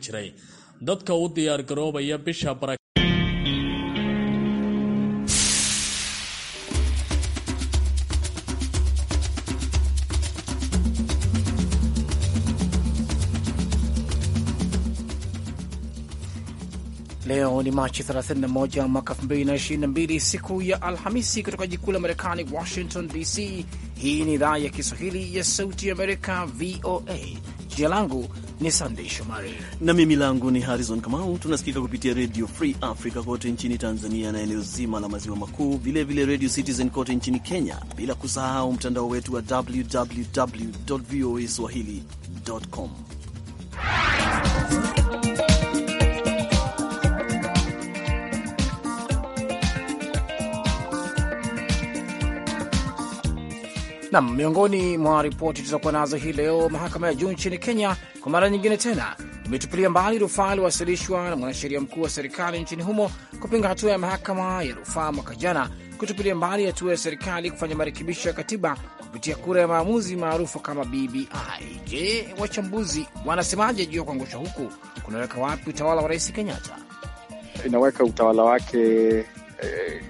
jiray dadka u diyaar garoobaya bisha baraka Leo ni Machi 31 mwaka 2022, siku ya Alhamisi, kutoka jikuu la Marekani, Washington DC. Hii ni idhaa ya Kiswahili ya Sauti ya Amerika, VOA. Jina langu ni Sandey Shomari na mimi langu ni Harrison Kamau. Tunasikika kupitia Redio Free Africa kote nchini Tanzania na eneo zima la maziwa makuu, vilevile Redio Citizen kote nchini Kenya, bila kusahau mtandao wetu wa www voa swahili com Nam, miongoni mwa ripoti tulizokuwa nazo hii leo, mahakama ya juu nchini Kenya kwa mara nyingine tena imetupilia mbali rufaa iliyowasilishwa na mwanasheria mkuu wa serikali nchini humo kupinga hatua ya mahakama ya rufaa mwaka jana kutupilia mbali hatua ya serikali kufanya marekebisho ya katiba kupitia kura ya maamuzi maarufu kama BBI. Je, wachambuzi wanasemaje juu ya kuangushwa huku? Kunaweka wapi utawala wa Rais Kenyatta? Inaweka utawala wake eh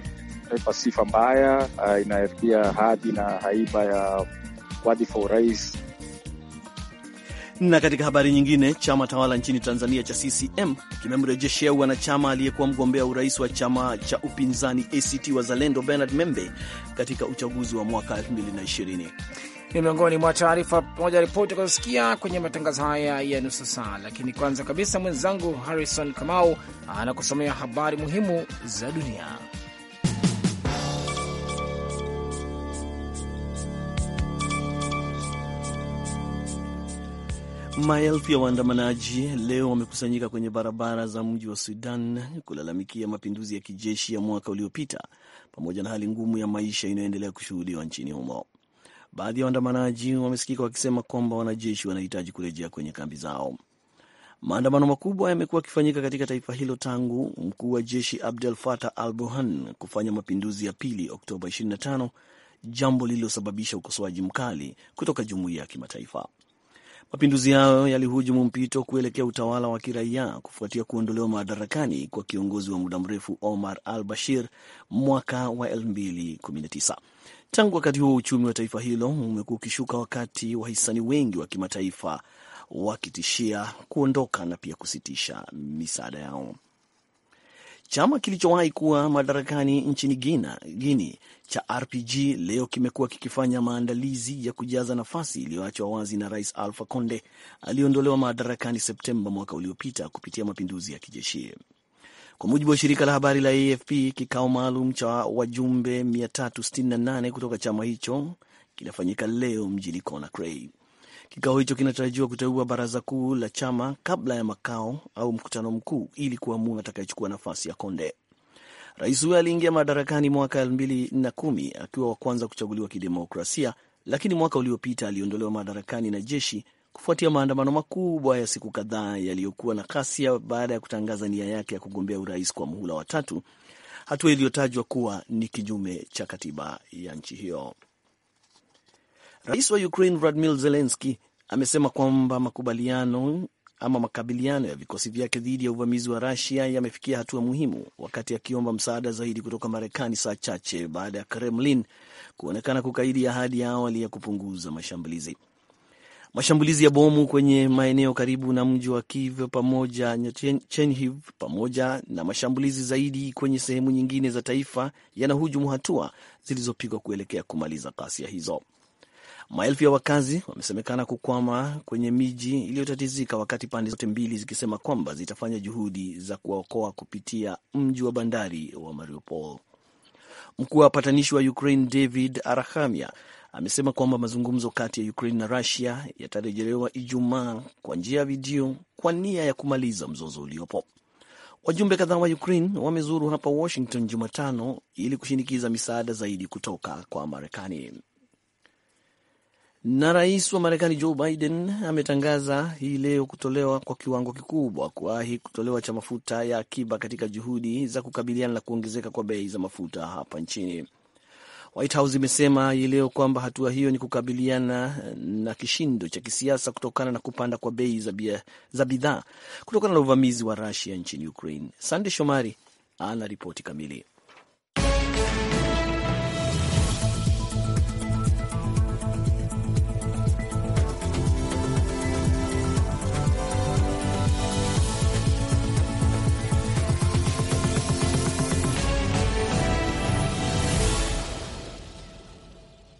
inaipa sifa mbaya, uh, inaharibia hadhi na haiba ya wadhifa urais. Na katika habari nyingine, chama tawala nchini Tanzania cha CCM kimemrejeshea wanachama aliyekuwa mgombea urais wa chama cha upinzani ACT Wazalendo Bernard Membe katika uchaguzi wa mwaka 2020 ni miongoni mwa taarifa pamoja ripoti akazosikia kwenye matangazo haya ya nusu saa. Lakini kwanza kabisa, mwenzangu Harrison Kamau anakusomea habari muhimu za dunia. Maelfu ya waandamanaji leo wamekusanyika kwenye barabara za mji wa Sudan kulalamikia mapinduzi ya kijeshi ya mwaka uliopita pamoja na hali ngumu ya maisha inayoendelea kushuhudiwa nchini humo. Baadhi ya waandamanaji wamesikika wakisema kwamba wanajeshi wanahitaji kurejea kwenye kambi zao. Maandamano makubwa yamekuwa yakifanyika katika taifa hilo tangu mkuu wa jeshi Abdel Fattah al Burhan kufanya mapinduzi ya pili Oktoba 25, jambo lililosababisha ukosoaji mkali kutoka jumuiya ya kimataifa. Mapinduzi hayo yalihujumu mpito kuelekea utawala wa kiraia kufuatia kuondolewa madarakani kwa kiongozi wa muda mrefu Omar al Bashir mwaka wa 2019. Tangu wakati huo uchumi wa taifa hilo umekuwa ukishuka, wakati wahisani wengi wa kimataifa wakitishia kuondoka na pia kusitisha misaada yao. Chama kilichowahi kuwa madarakani nchini Guini cha RPG leo kimekuwa kikifanya maandalizi ya kujaza nafasi iliyoachwa wazi na Rais Alpha Conde aliyeondolewa madarakani Septemba mwaka uliopita kupitia mapinduzi ya kijeshi. Kwa mujibu wa shirika la habari la AFP, kikao maalum cha wajumbe 368 kutoka chama hicho kinafanyika leo mjini Conakry. Kikao hicho kinatarajiwa kuteua baraza kuu la chama kabla ya makao au mkutano mkuu ili kuamua atakayechukua nafasi ya Konde. Rais huyo aliingia madarakani mwaka elfu mbili na kumi akiwa wa kwanza kuchaguliwa kidemokrasia, lakini mwaka uliopita aliondolewa madarakani na jeshi kufuatia maandamano makubwa ya siku kadhaa yaliyokuwa na kasia baada ya kutangaza nia yake ya kugombea urais kwa muhula wa tatu, hatua iliyotajwa kuwa ni kinyume cha katiba ya nchi hiyo. Rais wa Ukraine Vladimir Zelenski amesema kwamba makubaliano ama makabiliano ya vikosi vyake dhidi ya uvamizi wa Rusia yamefikia hatua muhimu, wakati akiomba msaada zaidi kutoka Marekani saa chache baada ya Kremlin kuonekana kukaidi ahadi ya awali ya kupunguza mashambulizi. Mashambulizi ya bomu kwenye maeneo karibu na mji wa Kiev pamoja na Chenhiv pamoja na mashambulizi zaidi kwenye sehemu nyingine za taifa yanahujumu hatua zilizopigwa kuelekea kumaliza ghasia hizo. Maelfu ya wakazi wamesemekana kukwama kwenye miji iliyotatizika, wakati pande zote mbili zikisema kwamba zitafanya juhudi za kuwaokoa kupitia mji wa bandari wa Mariupol. Mkuu wa patanishi wa Ukraine David Arahamia amesema kwamba mazungumzo kati ya Ukraine na Rusia yatarejelewa Ijumaa kwa njia ya video kwa nia ya kumaliza mzozo uliopo. Wajumbe kadhaa wa Ukraine wamezuru hapa Washington Jumatano ili kushinikiza misaada zaidi kutoka kwa Marekani. Na rais wa Marekani Joe Biden ametangaza hii leo kutolewa kwa kiwango kikubwa kuwahi kutolewa cha mafuta ya akiba katika juhudi za kukabiliana na kuongezeka kwa bei za mafuta hapa nchini. White House imesema hii leo kwamba hatua hiyo ni kukabiliana na kishindo cha kisiasa kutokana na kupanda kwa bei za bidhaa kutokana na uvamizi wa Rusia nchini Ukraine. Sande Shomari ana ripoti kamili.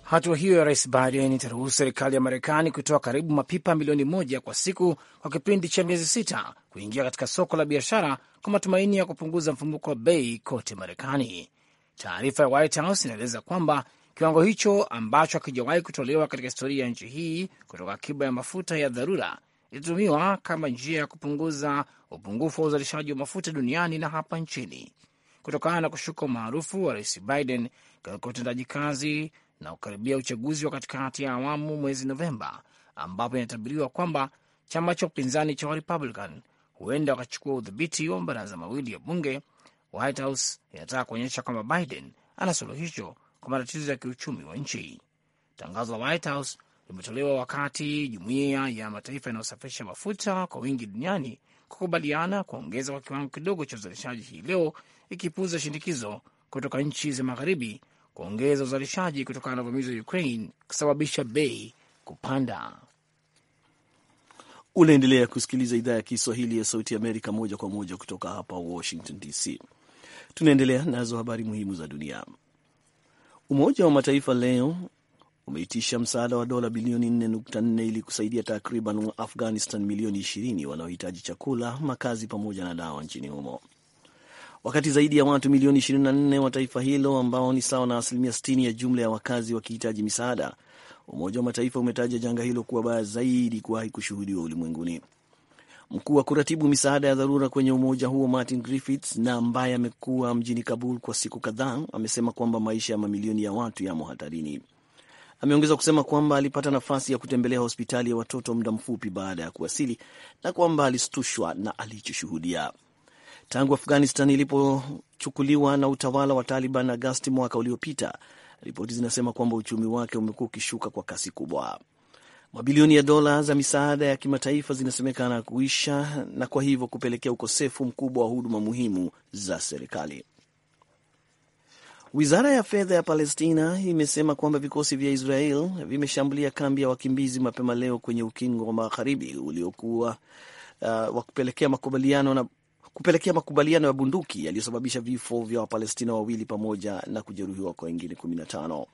Hatua hiyo ya rais Biden itaruhusu serikali ya Marekani kutoa karibu mapipa milioni moja kwa siku kwa kipindi cha miezi sita kuingia katika soko la biashara kwa matumaini ya kupunguza mfumuko wa bei kote Marekani. Taarifa ya White House inaeleza kwamba kiwango hicho ambacho hakijawahi kutolewa katika historia ya nchi hii kutoka akiba ya mafuta ya dharura itatumiwa kama njia ya kupunguza upungufu wa uzalishaji wa mafuta duniani na hapa nchini, kutokana na kushuka umaarufu wa rais Biden katika utendaji kazi na kukaribia uchaguzi wa katikati ya awamu mwezi Novemba, ambapo inatabiriwa kwamba chama cha upinzani cha Warepublican huenda wakachukua udhibiti wa mabaraza mawili ya bunge. White House inataka kuonyesha kwamba Biden ana suluhisho kwa matatizo ya kiuchumi wa nchi. Tangazo la White House limetolewa wakati jumuiya ya mataifa yanayosafirisha mafuta kwa wingi duniani kukubaliana kuongeza kwa kiwango kidogo cha uzalishaji hii leo, ikipuza shinikizo kutoka nchi za magharibi kuongeza uzalishaji kutokana na uvamizi wa Ukraine kusababisha bei kupanda. Unaendelea kusikiliza idhaa ya Kiswahili ya Sauti ya Amerika moja kwa moja kutoka hapa Washington DC. Tunaendelea nazo habari muhimu za dunia. Umoja wa Mataifa leo umeitisha msaada wa dola bilioni 4.4 ili kusaidia takriban Waafghanistan milioni 20 wanaohitaji chakula, makazi pamoja na dawa nchini humo wakati zaidi ya watu milioni 24 wa taifa hilo ambao ni sawa na asilimia 60 ya jumla ya wakazi wakihitaji misaada. Umoja wa Mataifa umetaja janga hilo kuwa baya zaidi kuwahi kushuhudiwa ulimwenguni. Mkuu wa kuratibu misaada ya dharura kwenye umoja huo Martin Griffiths, na ambaye amekuwa mjini Kabul kwa siku kadhaa, amesema kwamba maisha ya mamilioni ya watu yamo hatarini. Ameongeza kusema kwamba alipata nafasi ya kutembelea hospitali ya watoto muda mfupi baada ya kuwasili na kwamba alistushwa na alichoshuhudia. Tangu Afghanistan ilipochukuliwa na utawala wa Taliban Agasti mwaka uliopita, ripoti zinasema kwamba uchumi wake umekuwa ukishuka kwa kasi kubwa. Mabilioni ya dola za misaada ya kimataifa zinasemekana kuisha na kwa hivyo kupelekea ukosefu mkubwa wa huduma muhimu za serikali. Wizara ya fedha ya Palestina imesema kwamba vikosi vya Israel vimeshambulia kambi ya wakimbizi mapema leo kwenye ukingo wa magharibi uliokuwa uh, wa kupelekea makubaliano na kupelekea makubaliano ya bunduki yaliyosababisha vifo vya Wapalestina wawili pamoja na kujeruhiwa kwa wengine 15.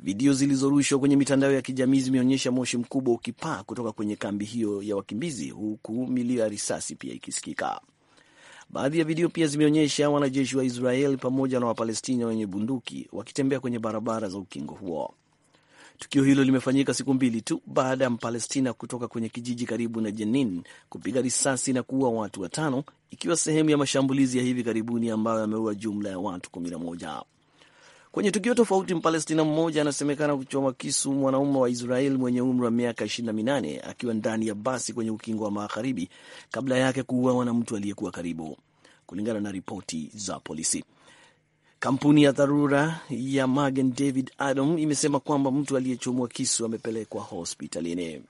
Video zilizorushwa kwenye mitandao ya kijamii zimeonyesha moshi mkubwa ukipaa kutoka kwenye kambi hiyo ya wakimbizi, huku milio ya risasi pia ikisikika. Baadhi ya video pia zimeonyesha wanajeshi wa Israeli pamoja na Wapalestina wenye bunduki wakitembea kwenye barabara za ukingo huo. Tukio hilo limefanyika siku mbili tu baada ya Mpalestina kutoka kwenye kijiji karibu na Jenin kupiga risasi na kuua watu watano, ikiwa sehemu ya mashambulizi ya hivi karibuni ambayo yameua jumla ya watu 11. Kwenye tukio tofauti, Mpalestina mmoja anasemekana kuchoma kisu mwanaume wa Israel mwenye umri wa miaka 28 akiwa ndani ya basi kwenye ukingo wa Magharibi kabla yake kuuawa na mtu aliyekuwa karibu, kulingana na ripoti za polisi. Kampuni ya dharura ya Magen David Adom imesema kwamba mtu aliyechomwa kisu amepelekwa hospitalini.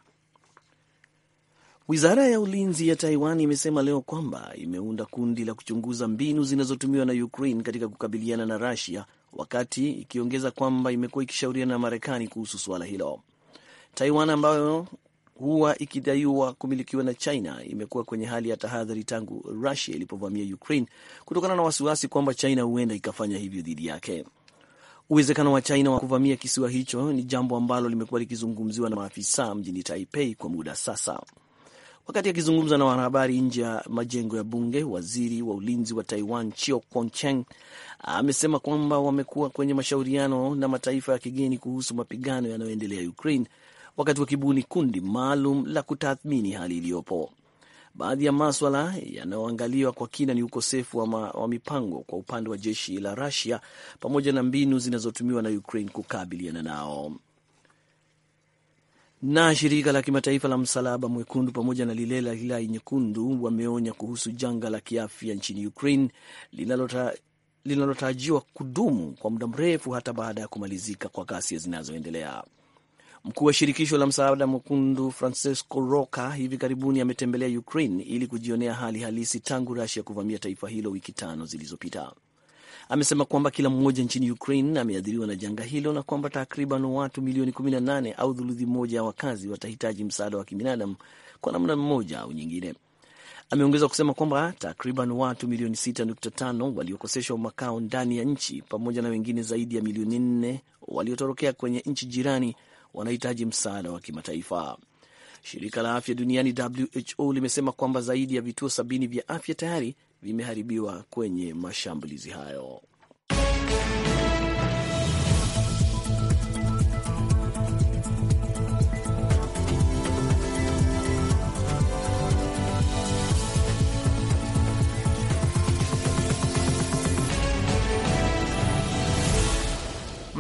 Wizara ya ulinzi ya Taiwan imesema leo kwamba imeunda kundi la kuchunguza mbinu zinazotumiwa na Ukraine katika kukabiliana na Rusia, wakati ikiongeza kwamba imekuwa ikishauriana na Marekani kuhusu suala hilo. Taiwan ambayo huwa ikidaiwa kumilikiwa na China imekuwa kwenye hali ya tahadhari tangu Rusia ilipovamia Ukraine kutokana na wasiwasi kwamba China huenda ikafanya hivyo dhidi yake. Uwezekano wa China wa kuvamia kisiwa hicho ni jambo ambalo limekuwa likizungumziwa na maafisa mjini Taipei kwa muda sasa. Wakati akizungumza na wanahabari nje ya majengo ya bunge, waziri wa ulinzi wa Taiwan Chio Kuo-cheng amesema kwamba wamekuwa kwenye mashauriano na mataifa ya kigeni kuhusu mapigano yanayoendelea Ukraine, wakati wakibuni kundi maalum la kutathmini hali iliyopo. Baadhi ya maswala yanayoangaliwa kwa kina ni ukosefu wa, ma, wa mipango kwa upande wa jeshi la Russia pamoja na mbinu zinazotumiwa na Ukraine kukabiliana nao. Na shirika la kimataifa la Msalaba Mwekundu pamoja na lile la Hilali Nyekundu wameonya kuhusu janga la kiafya nchini Ukraine linalota linalotarajiwa kudumu kwa muda mrefu hata baada ya kumalizika kwa ghasia zinazoendelea. Mkuu wa shirikisho la msaada mwekundu Francesco roca hivi karibuni ametembelea Ukraine ili kujionea hali halisi tangu rasia kuvamia taifa hilo wiki tano zilizopita. Amesema kwamba kila mmoja nchini Ukraine ameathiriwa na janga hilo na kwamba takriban watu milioni 18 au thuluthi moja ya wakazi watahitaji msaada wa kibinadamu kwa namna mmoja au nyingine. Ameongeza kusema kwamba takriban watu milioni 6.5 waliokoseshwa makao ndani ya nchi pamoja na wengine zaidi ya milioni 4 waliotorokea kwenye nchi jirani wanahitaji msaada wa kimataifa. Shirika la afya duniani WHO limesema kwamba zaidi ya vituo sabini vya afya tayari vimeharibiwa kwenye mashambulizi hayo.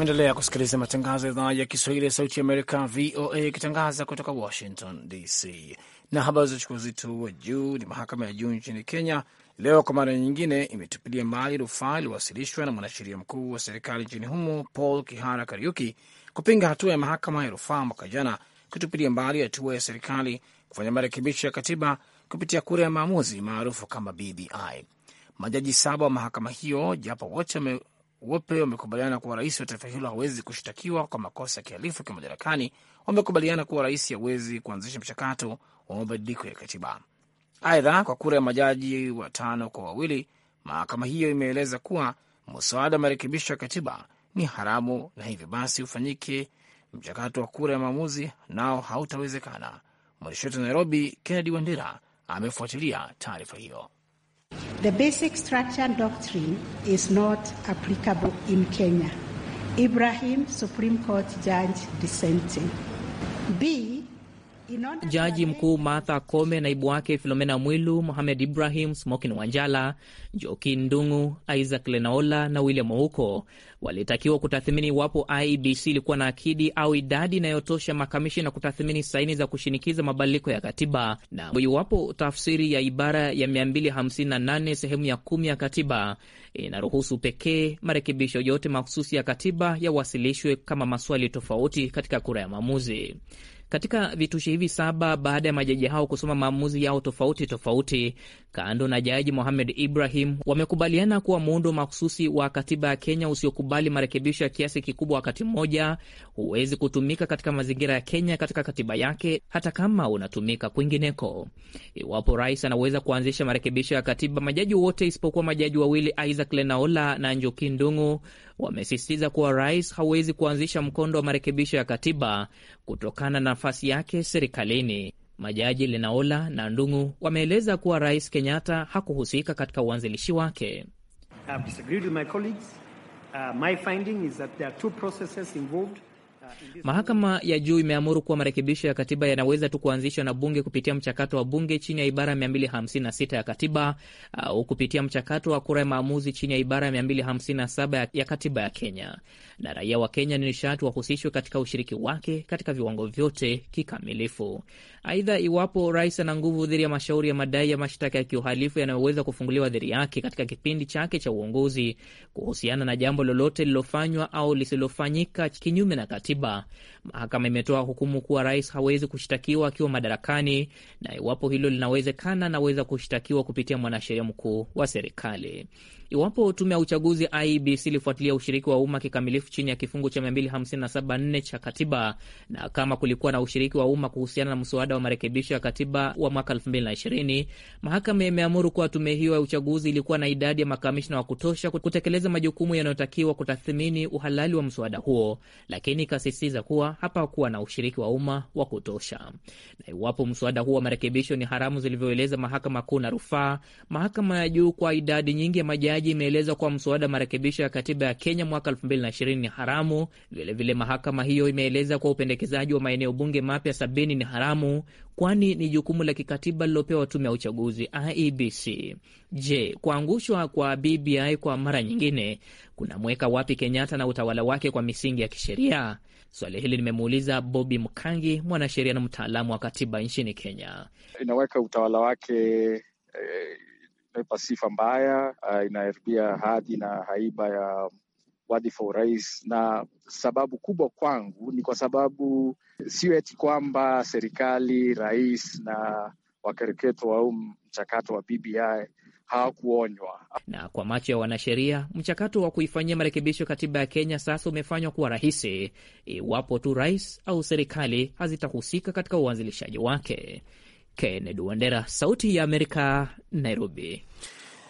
Mwendelea kusikiliza matangazo ya idhaa ya Kiswahili ya Sauti ya Amerika, VOA, ikitangaza kutoka Washington DC. Na habari za uchukua uzito wa juu ni mahakama ya juu nchini Kenya leo kwa mara nyingine imetupilia mbali rufaa iliyowasilishwa na mwanasheria mkuu wa serikali nchini humo Paul Kihara Kariuki kupinga hatua ya mahakama ya rufaa mwaka jana kutupilia mbali hatua ya serikali kufanya marekebisho ya katiba kupitia kura ya maamuzi maarufu kama BBI. Majaji saba wa mahakama hiyo, japo wote wote wamekubaliana kuwa rais wa taifa hilo hawezi kushtakiwa kwa makosa ya kihalifu akiwa madarakani. Wamekubaliana kuwa rais hawezi kuanzisha mchakato wa mabadiliko ya katiba. Aidha, kwa kura ya majaji watano kwa wawili, mahakama hiyo imeeleza kuwa mswada wa marekebisho ya katiba ni haramu na hivyo basi ufanyike mchakato wa kura ya maamuzi nao hautawezekana. Mwandishi wetu Nairobi, Kennedy Wandera amefuatilia taarifa hiyo. The basic structure doctrine is not applicable in Kenya. Ibrahim, Supreme Court judge dissenting. B, Jaji Mkuu Martha Kome, naibu wake Filomena Mwilu, Mohamed Ibrahim, Smokin Wanjala, jokin Ndungu, Isaac Lenaola na William Ouko walitakiwa kutathmini iwapo IEBC ilikuwa na akidi au idadi inayotosha makamishi na kutathmini saini za kushinikiza mabadiliko ya katiba na iwapo tafsiri ya ibara ya 258 sehemu ya kumi ya katiba inaruhusu pekee marekebisho yote mahususi ya katiba yawasilishwe kama maswali tofauti katika kura ya maamuzi katika vitushi hivi saba baada ya majaji hao kusoma maamuzi yao tofauti tofauti. Kando na jaji Mohamed Ibrahim, wamekubaliana kuwa muundo mahususi wa katiba ya Kenya usiokubali marekebisho ya kiasi kikubwa wakati mmoja huwezi kutumika katika mazingira ya Kenya katika katiba yake, hata kama unatumika kwingineko. Iwapo rais anaweza kuanzisha marekebisho ya katiba, majaji wote isipokuwa majaji wawili Isaac Lenaola na Njuki Ndung'u wamesisitiza kuwa rais hawezi kuanzisha mkondo wa marekebisho ya katiba kutokana na nafasi yake serikalini. Majaji Lenaola na Ndung'u wameeleza kuwa rais Kenyatta hakuhusika katika uanzilishi wake. I've Mahakama ya Juu imeamuru kuwa marekebisho ya katiba yanaweza tu kuanzishwa na bunge kupitia mchakato wa bunge chini ya ibara ya 256 ya katiba au kupitia mchakato wa kura ya maamuzi chini ya ibara ya 257 ya katiba ya Kenya, na raia wa Kenya ni nishati wahusishwe katika ushiriki wake katika viwango vyote kikamilifu. Aidha, iwapo rais ana nguvu dhidi ya mashauri ya madai ya mashtaka ya kiuhalifu yanayoweza kufunguliwa dhidi yake katika kipindi chake cha uongozi kuhusiana na jambo lolote lililofanywa au lisilofanyika kinyume na katiba katiba. Mahakama imetoa hukumu kuwa rais hawezi kushtakiwa akiwa madarakani, na iwapo hilo linawezekana, anaweza kushtakiwa kupitia mwanasheria mkuu wa serikali. Iwapo tume ya uchaguzi IEBC ilifuatilia ushiriki wa umma kikamilifu chini ya kifungu cha 257.4 cha katiba na kama kulikuwa na ushiriki wa umma kuhusiana na mswada wa marekebisho ya katiba wa mwaka 2020, mahakama imeamuru kuwa tume hiyo ya uchaguzi ilikuwa na idadi ya makamishna wa kutosha kutekeleza majukumu yanayotakiwa kutathmini uhalali wa mswada huo, lakini ikasisitiza kuwa hapakuwa na ushiriki wa umma wa kutosha. Na iwapo mswada huo wa marekebisho ni haramu zilivyoeleza mahakama kuu na rufaa, mahakama ya juu kwa idadi nyingi ya majaji Jaji imeeleza kuwa mswada marekebisho ya katiba ya Kenya mwaka 2020 ni haramu. Vilevile vile mahakama hiyo imeeleza kuwa upendekezaji wa maeneo bunge mapya sabini ni haramu, kwani ni jukumu la kikatiba lilopewa tume ya uchaguzi IEBC. Je, kuangushwa kwa BBI kwa mara nyingine kunamweka wapi Kenyatta na utawala wake kwa misingi ya kisheria? Swali hili limemuuliza Bobi Mkangi, mwanasheria na mtaalamu wa katiba nchini Kenya. Inaweka utawala wake eh, imepa sifa mbaya, uh, inaharibia hadhi na haiba ya wadhifa urais. Na sababu kubwa kwangu ni kwa sababu sio eti kwamba serikali, rais na wakereketo au mchakato wa BBI hawakuonywa. Na kwa macho ya wanasheria, mchakato wa kuifanyia marekebisho katiba ya Kenya sasa umefanywa kuwa rahisi iwapo tu rais au serikali hazitahusika katika uanzilishaji wake. Kennedy Wandera, Sauti ya Amerika, Nairobi.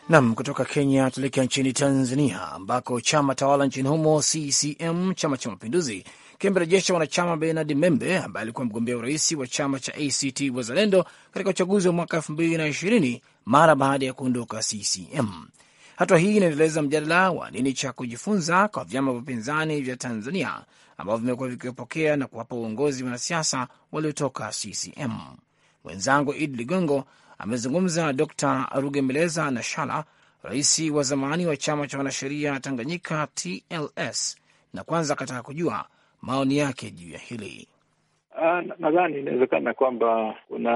Nam, kutoka Kenya tuelekea nchini Tanzania, ambako chama tawala nchini humo CCM, Chama cha Mapinduzi, kimerejesha wanachama Bernard Membe ambaye alikuwa mgombea urais wa chama cha ACT Wazalendo katika uchaguzi wa mwaka elfu mbili na ishirini mara baada ya kuondoka CCM. Hatua hii inaendeleza mjadala wa nini cha kujifunza kwa vyama vya upinzani vya Tanzania ambavyo vimekuwa vikiwapokea na kuwapa uongozi wanasiasa waliotoka CCM. Mwenzangu Idi Ligongo amezungumza na Dr Rugemeleza Nashala, rais wa zamani wa chama cha wanasheria Tanganyika, TLS, na kwanza akataka kujua maoni yake juu ya hili. Ah, nadhani inawezekana kwamba kuna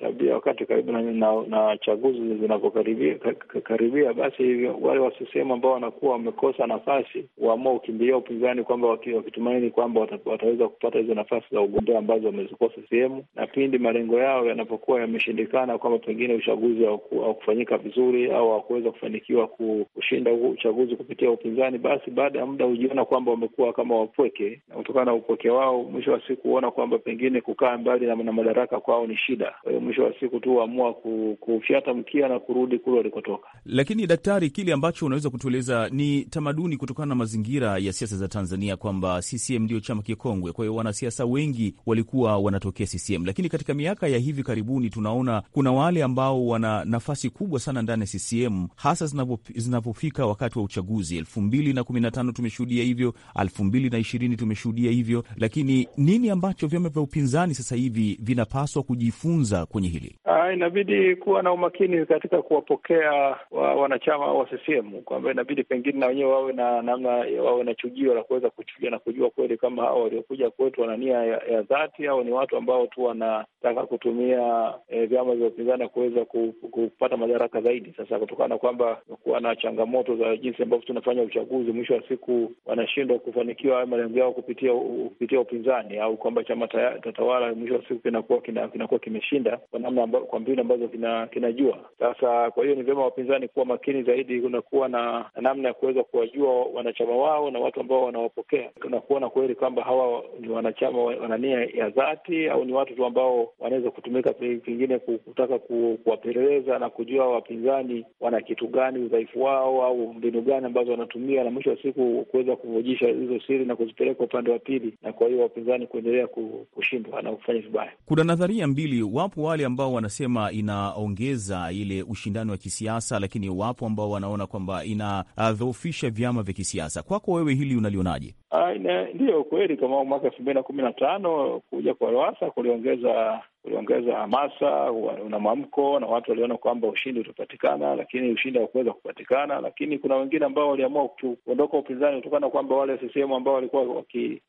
labda wakati karibu na, na, na chaguzi zinavyokaribia basi hivyo wale wa ambao wanakuwa wamekosa nafasi waamua ukimbilia upinzani, kwamba wakitumaini kwamba wataweza kupata hizo nafasi za ugombea ambazo wamezikosa sehemu, na pindi malengo yao yanapokuwa yameshindikana, kwamba pengine uchaguzi haukufanyika vizuri au hawakuweza kufanikiwa kushinda uchaguzi kupitia upinzani, basi baada ya muda hujiona kwamba wamekuwa kama wapweke, na kutokana na upweke wao mwisho wa siku huona kwamba kwamba pengine kukaa mbali na, madaraka kwao ni shida. Kwa hiyo mwisho wa siku tu waamua kufyata mkia na kurudi kule walikotoka. Lakini daktari, kile ambacho unaweza kutueleza ni tamaduni kutokana na mazingira ya siasa za Tanzania kwamba CCM ndio chama kikongwe, kwa hiyo wanasiasa wengi walikuwa wanatokea CCM, lakini katika miaka ya hivi karibuni tunaona kuna wale ambao wana nafasi kubwa sana ndani ya CCM hasa zinapofika wakati wa uchaguzi. elfu mbili na kumi na tano tumeshuhudia hivyo, elfu mbili na ishirini tumeshuhudia hivyo, lakini nini ambacho vyama vyama vya upinzani sasa hivi vinapaswa kujifunza kwenye hili? Ah, inabidi kuwa na umakini katika kuwapokea wa, wanachama wa CCM kwamba inabidi pengine na wenyewe wawe na namna wawe na chujio la kuweza kuchuja na kujua kweli kama hao waliokuja kwetu wana nia ya, ya dhati au ni watu ambao tu wanataka kutumia e, vyama vya upinzani kuweza kupata madaraka zaidi. Sasa kutokana na kwamba kuwa na changamoto za jinsi ambavyo tunafanya uchaguzi, mwisho wa siku wanashindwa kufanikiwa hayo malengo yao kupitia kupitia upinzani au kwamba chama tawala mwisho wa siku kinakuwa kinakuwa kimeshinda kwa namna kwa mbinu ambazo kina, kinajua. Sasa kwa hiyo ni vyema wapinzani kuwa makini zaidi kunakuwa kuwa na namna ya kuweza kuwajua wanachama wao na watu ambao wanawapokea na kuona kweli kwamba hawa ni wanachama wana nia ya dhati au ni watu tu ambao wanaweza kutumika pengine kutaka kuwapeleleza na kujua wapinzani wana kitu gani, udhaifu wao au mbinu gani ambazo wanatumia, na mwisho wa siku kuweza kuvujisha hizo siri na kuzipeleka upande wa pili, na kwa hiyo wapinzani kuendelea kushindwa na kufanya vibaya. Kuna nadharia mbili, wapo wale ambao wana wanasema inaongeza ile ushindani wa kisiasa, lakini wapo ambao wanaona kwamba inadhoofisha vyama vya kisiasa. Kwako wewe hili unalionaje? Ah, Ndiyo kweli, kama mwaka elfu mbili na kumi na tano kuja kwa Lowassa kuliongeza uliongeza hamasa, una mwamko na watu waliona kwamba ushindi utapatikana, lakini ushindi haukuweza kupatikana. Lakini kuna wengine ambao waliamua kuondoka upinzani kutokana kwamba wale CCM ambao walikuwa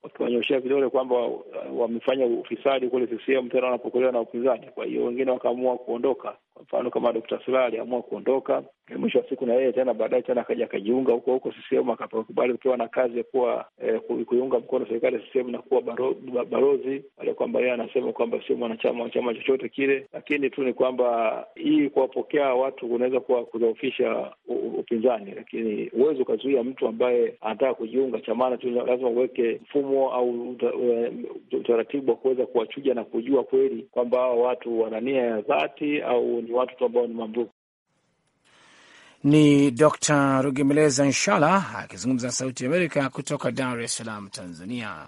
wakiwanyoshea vidole kwamba wamefanya ufisadi kule CCM, tena wanapokolewa na upinzani. Kwa hiyo wengine wakaamua kuondoka, kwa mfano kama Dkt. Slaa aliamua kuondoka, mwisho wa siku na yeye tena baadaye tena akaja akajiunga huko huko CCM, akakubali kupewa na kazi ya kuwa eh, kuiunga mkono serikali ya CCM na kuwa baro, barozi, kwamba yeye anasema kwamba sio mwanachama chama chochote kile, lakini tu ni kwamba hii kuwapokea watu kunaweza kuwa kudhoofisha upinzani, lakini huwezi ukazuia mtu ambaye anataka kujiunga chamana tu, lazima uweke mfumo au utaratibu wa kuweza kuwachuja na kujua kweli kwamba hawa watu wana nia ya dhati au ni watu tu ambao ni mambuku. Ni Dr. Rugemeleza Nshala akizungumza na Sauti ya Amerika kutoka Dar es Salaam, Tanzania.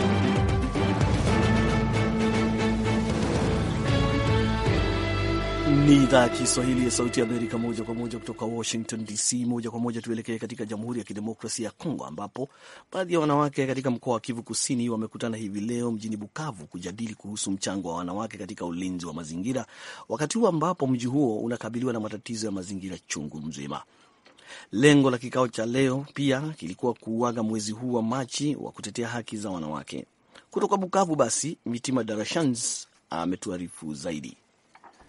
Ni idhaa ya Kiswahili ya Sauti ya Amerika, moja kwa moja kutoka Washington DC. Moja kwa moja tuelekee katika Jamhuri ya Kidemokrasia ya Kongo, ambapo baadhi ya wanawake katika mkoa wa Kivu Kusini wamekutana hivi leo mjini Bukavu kujadili kuhusu mchango wa wanawake katika ulinzi wa mazingira, wakati huu ambapo mji huo unakabiliwa na matatizo ya mazingira chungu mzima. Lengo la kikao cha leo pia kilikuwa kuuaga mwezi huu wa Machi wa kutetea haki za wanawake. Kutoka Bukavu, basi Mitima Darashans ametuarifu zaidi.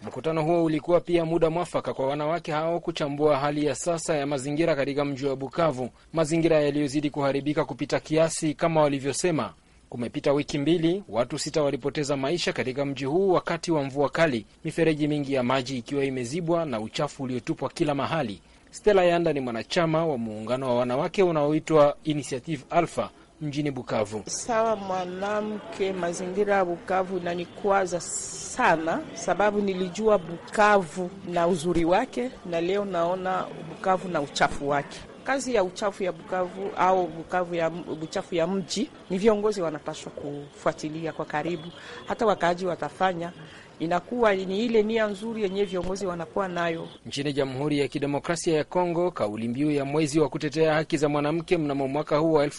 Mkutano huo ulikuwa pia muda mwafaka kwa wanawake hao kuchambua hali ya sasa ya mazingira katika mji wa Bukavu, mazingira yaliyozidi kuharibika kupita kiasi kama walivyosema. Kumepita wiki mbili, watu sita walipoteza maisha katika mji huu wakati wa mvua kali, mifereji mingi ya maji ikiwa imezibwa na uchafu uliotupwa kila mahali. Stella Yanda ni mwanachama wa muungano wa wanawake unaoitwa Initiative Alpha mjini Bukavu. Sawa, mwanamke, mazingira ya Bukavu inanikwaza sana, sababu nilijua Bukavu na uzuri wake, na leo naona Bukavu na uchafu wake kazi ya uchafu ya Bukavu au Bukavu ya uchafu ya mji ni viongozi wanapaswa kufuatilia kwa karibu, hata wakaaji watafanya inakuwa ni ile nia nzuri yenye viongozi wanakuwa nayo. Nchini Jamhuri ya Kidemokrasia ya Kongo, kauli mbiu ya mwezi wa kutetea haki za mwanamke mnamo mwaka huu wa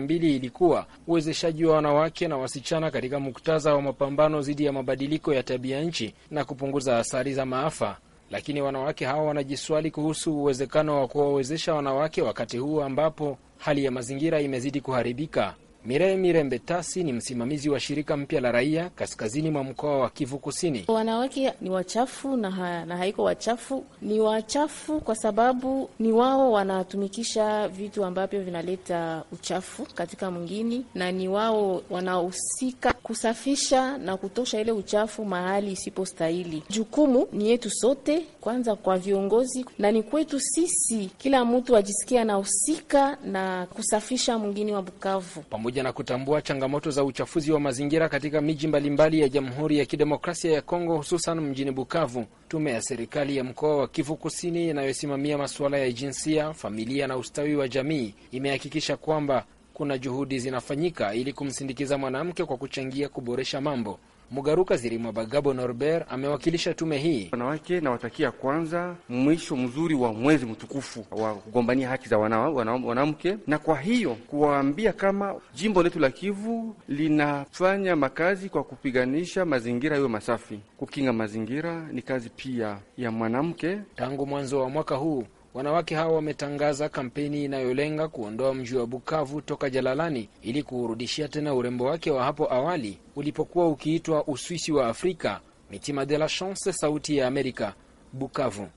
mbili ilikuwa uwezeshaji wa wanawake na wasichana katika muktadha wa mapambano dhidi ya mabadiliko ya tabia nchi na kupunguza athari za maafa. Lakini wanawake hawa wanajiswali kuhusu uwezekano wa kuwawezesha wanawake wakati huu ambapo hali ya mazingira imezidi kuharibika mirembe tasi ni msimamizi wa shirika mpya la raia kaskazini mwa mkoa wa Kivu Kusini. Wanawake ni wachafu na, ha, na haiko wachafu ni wachafu kwa sababu ni wao wanatumikisha vitu ambavyo vinaleta uchafu katika mwingini, na ni wao wanahusika kusafisha na kutosha ile uchafu mahali isipostahili. Jukumu ni yetu sote, kwanza kwa viongozi, na ni kwetu sisi, kila mtu ajisikia anahusika na kusafisha mwingini wa Bukavu Pamu pamoja na kutambua changamoto za uchafuzi wa mazingira katika miji mbalimbali ya Jamhuri ya Kidemokrasia ya Kongo, hususan mjini Bukavu. Tume ya serikali ya mkoa wa Kivu Kusini inayosimamia masuala ya jinsia, familia na ustawi wa jamii imehakikisha kwamba kuna juhudi zinafanyika ili kumsindikiza mwanamke kwa kuchangia kuboresha mambo. Mugaruka Zirimwa Bagabo Norbert amewakilisha tume hii. Wanawake nawatakia kwanza mwisho mzuri wa mwezi mtukufu wa kugombania haki za wanamke, na kwa hiyo kuwaambia kama jimbo letu la Kivu linafanya makazi kwa kupiganisha mazingira iwe masafi. Kukinga mazingira ni kazi pia ya mwanamke. Tangu mwanzo wa mwaka huu Wanawake hawa wametangaza kampeni inayolenga kuondoa mji wa Bukavu toka jalalani ili kuurudishia tena urembo wake wa hapo awali ulipokuwa ukiitwa Uswisi wa Afrika. Mitima de la Chance, Sauti ya Amerika, Bukavu.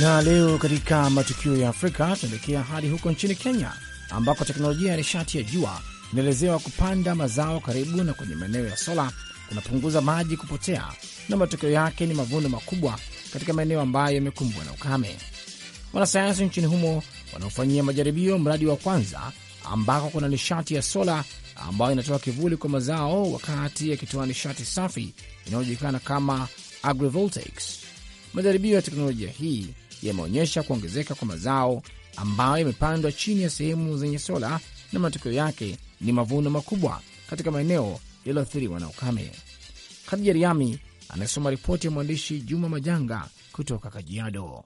Na leo katika matukio ya Afrika tunaelekea hadi huko nchini Kenya ambako teknolojia ya nishati ya jua inaelezewa kupanda mazao karibu na kwenye maeneo ya sola kunapunguza maji kupotea, na matokeo yake ni mavuno makubwa katika maeneo ambayo yamekumbwa na ukame. Wanasayansi nchini humo wanaofanyia majaribio mradi wa kwanza ambako kuna nishati ya sola ambayo inatoa kivuli kwa mazao wakati yakitoa nishati safi inayojulikana kama agrivoltaics. Majaribio ya teknolojia hii yameonyesha kuongezeka kwa mazao ambayo yamepandwa chini ya sehemu zenye sola, na matokeo yake ni mavuno makubwa katika maeneo yaliyoathiriwa na ukame. Khadija Riami anasoma ripoti ya mwandishi Juma Majanga kutoka Kajiado.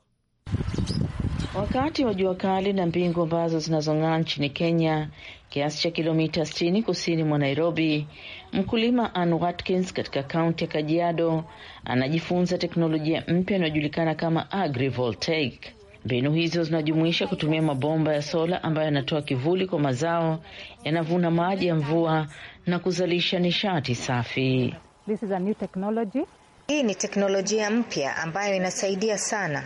Wakati wa jua kali na mbingu ambazo zinazong'aa nchini Kenya, kiasi cha kilomita 60 kusini mwa Nairobi, mkulima Ann Watkins katika kaunti ya Kajiado anajifunza teknolojia mpya inayojulikana kama agrivoltaic. Mbinu hizo zinajumuisha kutumia mabomba ya sola ambayo yanatoa kivuli kwa mazao, yanavuna maji ya mvua na kuzalisha nishati safi. This is a new technology. Hii ni teknolojia mpya ambayo inasaidia sana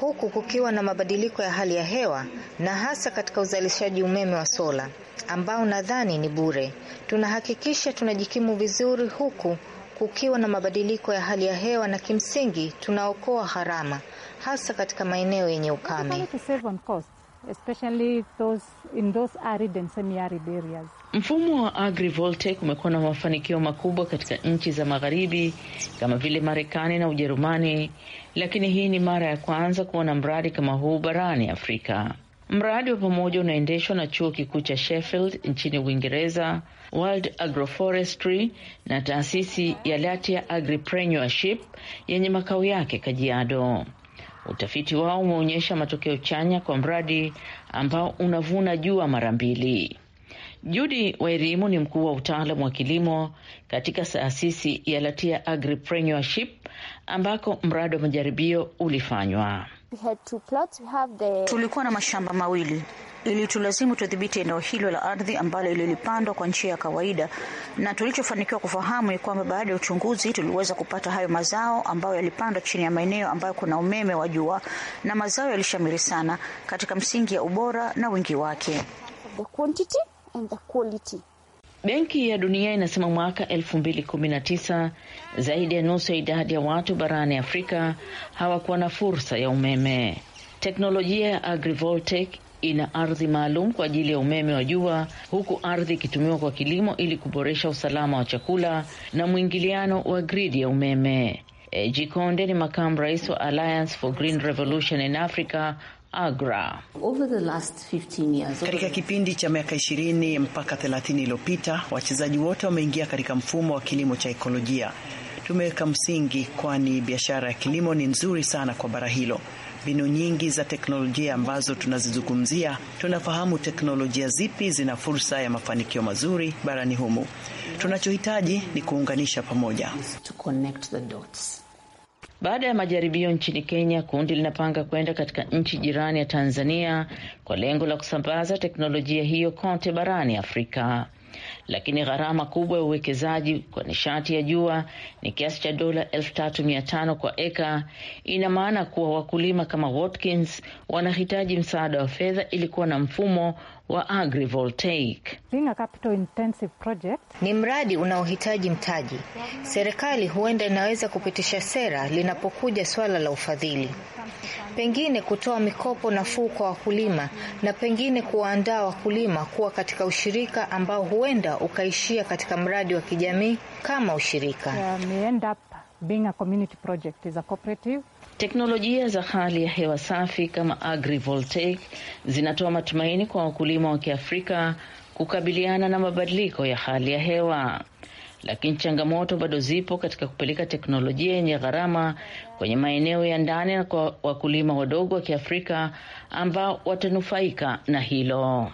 huku kukiwa na mabadiliko ya hali ya hewa na hasa katika uzalishaji umeme wa sola ambao nadhani ni bure. Tunahakikisha tunajikimu vizuri huku kukiwa na mabadiliko ya hali ya hewa na kimsingi tunaokoa gharama hasa katika maeneo yenye ukame. Mfumo wa agrivoltaic umekuwa na mafanikio makubwa katika nchi za magharibi kama vile Marekani na Ujerumani, lakini hii ni mara ya kwanza kuona mradi kama huu barani Afrika. Mradi wa pamoja unaendeshwa na chuo kikuu cha Sheffield nchini Uingereza, World Agroforestry na taasisi ya Latia Agripreneurship yenye makao yake Kajiado. Utafiti wao umeonyesha matokeo chanya kwa mradi ambao unavuna jua mara mbili. Judi Wairimu ni mkuu wa utaalam wa kilimo katika taasisi ya Latia Agripreneurship ambako mradi wa majaribio ulifanywa. Tulikuwa na mashamba mawili, ili tulazimu tudhibiti eneo hilo la ardhi ambalo lilipandwa kwa njia ya kawaida, na tulichofanikiwa kufahamu ni kwamba baada ya uchunguzi tuliweza kupata hayo mazao ambayo yalipandwa chini ya maeneo ambayo kuna umeme wa jua, na mazao yalishamiri sana katika msingi ya ubora na wingi wake. The quantity and the quality. Benki ya Dunia inasema mwaka 2019 zaidi ya nusu ya idadi ya watu barani Afrika hawakuwa na fursa ya umeme. Teknolojia ya agrivoltaic ina ardhi maalum kwa ajili ya umeme wa jua, huku ardhi ikitumiwa kwa kilimo ili kuboresha usalama wa chakula na mwingiliano wa gridi ya umeme. E, Jikonde ni makamu rais wa Alliance for Green Revolution in Africa Agra. Over the last 15 years, katika kipindi cha miaka 20 mpaka 30 iliyopita, wachezaji wote wameingia katika mfumo wa kilimo cha ekolojia. Tumeweka msingi, kwani biashara ya kilimo ni nzuri sana kwa bara hilo. Mbinu nyingi za teknolojia ambazo tunazizungumzia, tunafahamu teknolojia zipi zina fursa ya mafanikio mazuri barani humu. Tunachohitaji ni kuunganisha pamoja, to baada ya majaribio nchini Kenya, kundi linapanga kwenda katika nchi jirani ya Tanzania kwa lengo la kusambaza teknolojia hiyo kote barani Afrika lakini gharama kubwa ya uwekezaji kwa nishati ya jua ni kiasi cha dola elfu tatu mia tano kwa eka. Ina maana kuwa wakulima kama Watkins wanahitaji msaada wa fedha ili kuwa na mfumo wa agrivoltaic. Ni mradi unaohitaji mtaji. Serikali huenda inaweza kupitisha sera linapokuja swala la ufadhili, pengine kutoa mikopo nafuu kwa wakulima na pengine kuwaandaa wakulima kuwa katika ushirika ambao huenda ukaishia katika mradi wa kijamii kama ushirika. teknolojia za hali ya hewa safi kama agrivoltaic zinatoa matumaini kwa wakulima wa Kiafrika kukabiliana na mabadiliko ya hali ya hewa, lakini changamoto bado zipo katika kupeleka teknolojia yenye gharama kwenye maeneo ya ndani na kwa wakulima wadogo wa Kiafrika ambao watanufaika na hilo.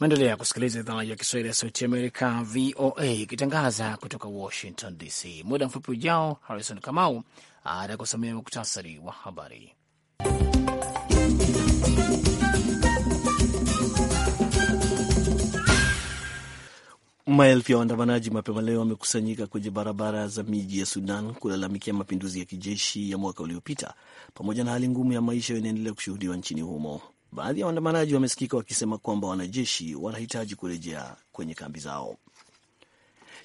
Maendelea kusikiliza idhaa ya Kiswahili ya Sauti Amerika, VOA, ikitangaza kutoka Washington DC. Muda mfupi ujao, Harrison Kamau atakusomea muktasari wa habari. Maelfu ya waandamanaji mapema leo wamekusanyika kwenye barabara za miji ya Sudan kulalamikia mapinduzi ya kijeshi ya mwaka uliopita pamoja na hali ngumu ya maisha inaendelea kushuhudiwa nchini humo. Baadhi ya waandamanaji wamesikika wakisema kwamba wanajeshi wanahitaji kurejea kwenye kambi zao.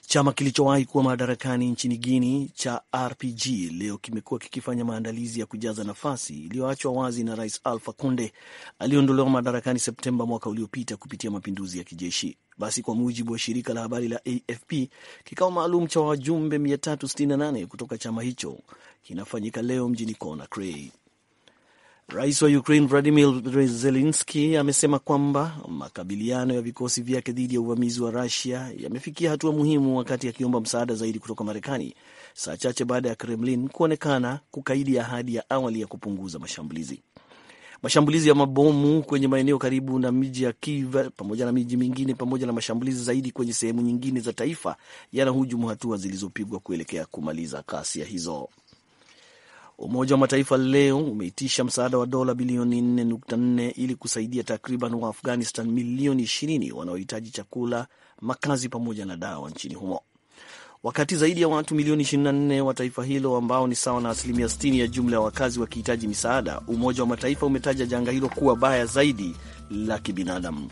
Chama kilichowahi kuwa madarakani nchini Guini cha RPG leo kimekuwa kikifanya maandalizi ya kujaza nafasi iliyoachwa wazi na Rais Alfa Conde aliyeondolewa madarakani Septemba mwaka uliopita kupitia mapinduzi ya kijeshi. Basi kwa mujibu wa shirika la habari la AFP, kikao maalum cha wajumbe 368 kutoka chama hicho kinafanyika leo mjini Conakry. Rais wa Ukraine Vladimir Zelenski amesema kwamba makabiliano ya vikosi vyake dhidi ya uvamizi wa Rusia yamefikia hatua muhimu, wakati akiomba msaada zaidi kutoka Marekani, saa chache baada ya Kremlin kuonekana kukaidi ahadi ya awali ya kupunguza mashambulizi. Mashambulizi ya mabomu kwenye maeneo karibu na miji ya Kiev pamoja na miji mingine, pamoja na mashambulizi zaidi kwenye sehemu nyingine za taifa yanahujumu hatua zilizopigwa kuelekea kumaliza ghasia hizo. Umoja wa Mataifa leo umeitisha msaada wa dola bilioni 4.4 ili kusaidia takriban wa Afghanistan milioni 20 wanaohitaji chakula, makazi pamoja na dawa nchini humo, wakati zaidi ya watu milioni 24 wa taifa hilo ambao ni sawa na asilimia 60 ya jumla ya wakazi wakihitaji misaada. Umoja wa Mataifa umetaja janga hilo kuwa baya zaidi la kibinadamu.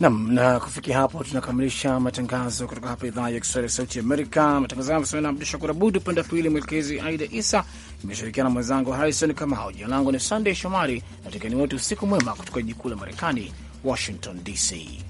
Nam na kufikia hapo tunakamilisha matangazo kutoka hapa idhaa ya Kiswahili ya Sauti Amerika. Matangazo haya na Abdu Shakur Abud, upande wa pili mwelekezi Aida Isa. Nimeshirikiana mwenzangu Harrison Kamau. Jina langu ni Sunday Shomari na tekeni wote, usiku mwema kutoka jikuu la Marekani, Washington DC.